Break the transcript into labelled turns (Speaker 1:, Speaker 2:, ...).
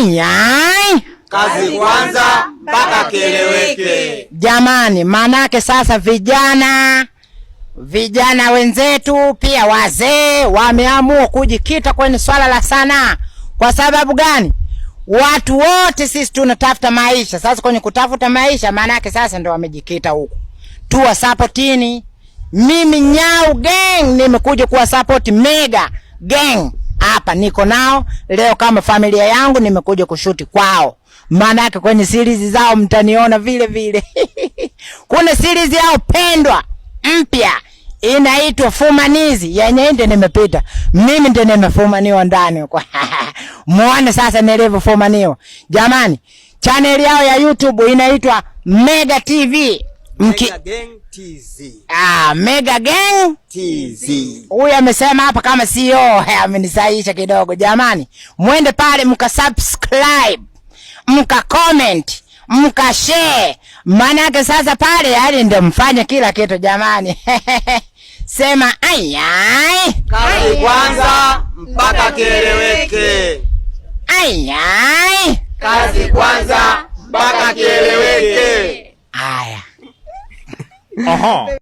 Speaker 1: ai.
Speaker 2: Kazi kwanza mpaka kieleweke.
Speaker 1: Jamani, maanake sasa vijana vijana wenzetu pia wazee wameamua kujikita kwenye swala la sanaa. Kwa sababu gani? Watu wote sisi tunatafuta maisha. Sasa kwenye kutafuta maisha, maanake sasa ndio wamejikita huko, tuwa sapotini. Mimi Nyau Gang nimekuja kuwa sapoti Mega Gang hapa niko nao leo kama familia yangu, nimekuja kushuti kwao. Maana yake kwenye series zao mtaniona vile vile. Kuna series yao pendwa mpya inaitwa Fumanizi yenye ndio nimepita mimi, ndio nimefumaniwa ndani huko muone sasa nilivyofumaniwa jamani. Chaneli yao ya YouTube inaitwa Mega TV.
Speaker 2: Mki... Mega Gang TZ.
Speaker 1: Ah, Mega Gang
Speaker 2: TZ.
Speaker 1: Huyu amesema hapa kama sio, e amenisaisha kidogo. Jamani, mwende pale mkasubscribe, share. mkashare, maanake sasa pale yani ndio mfanye kila kitu jamani. Sema ayai
Speaker 2: kauli kwanza mpaka kieleweke.
Speaker 1: Ayai
Speaker 2: kazi kwanza mpaka kieleweke.
Speaker 3: huh.